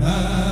ha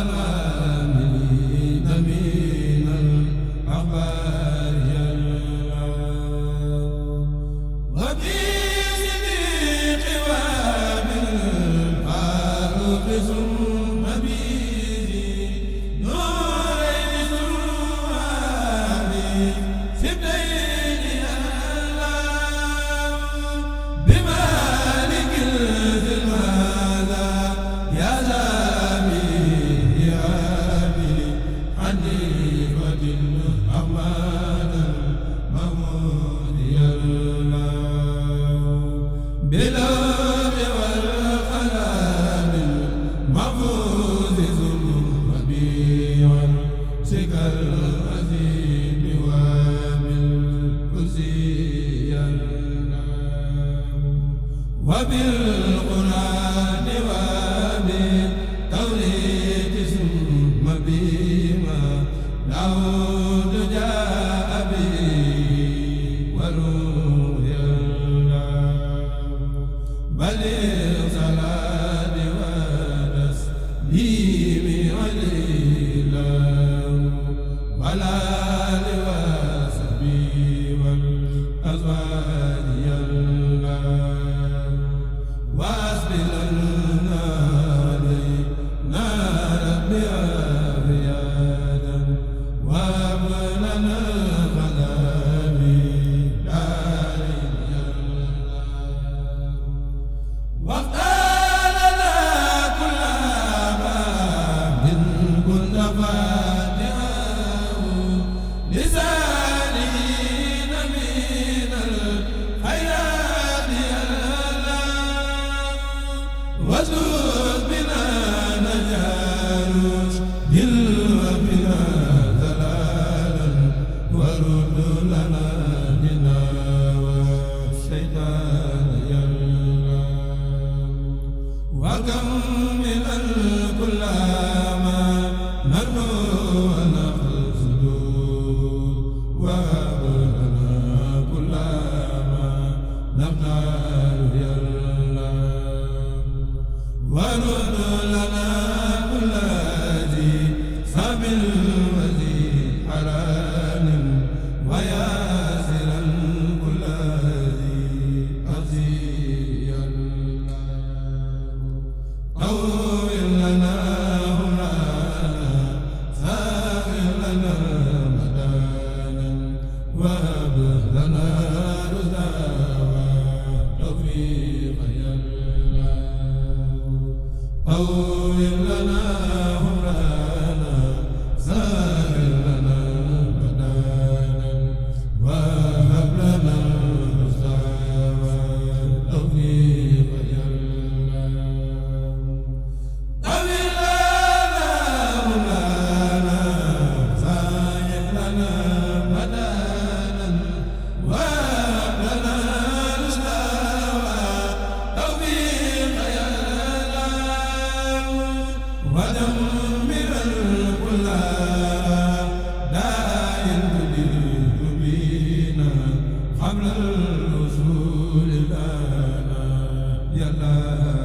ana wabil Allah yàlla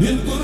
bil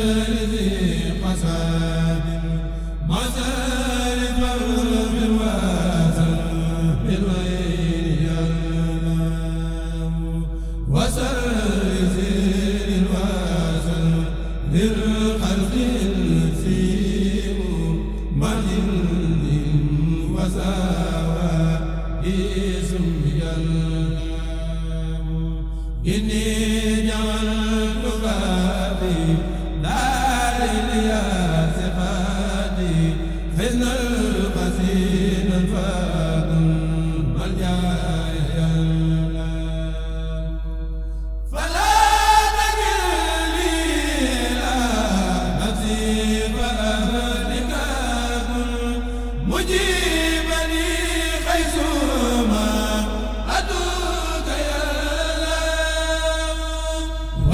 ذي قسام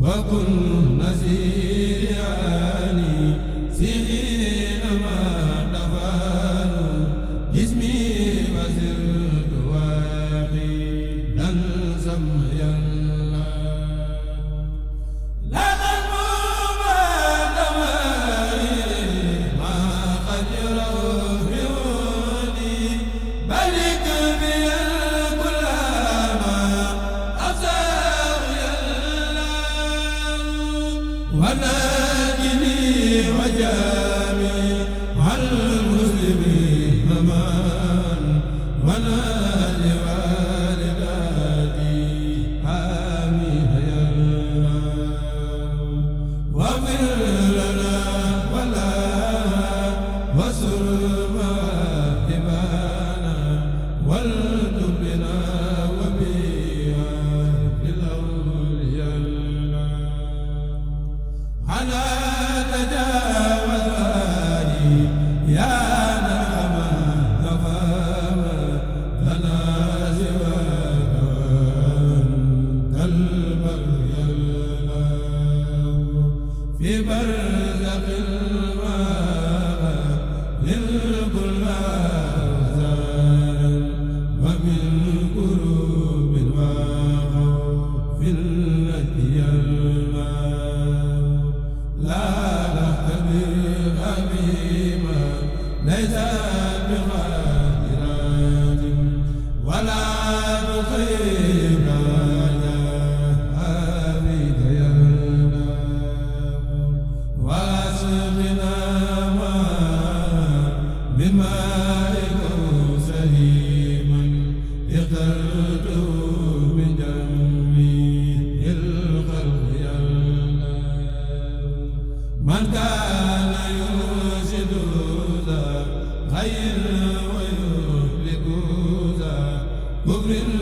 wa kun nasi bi mukmin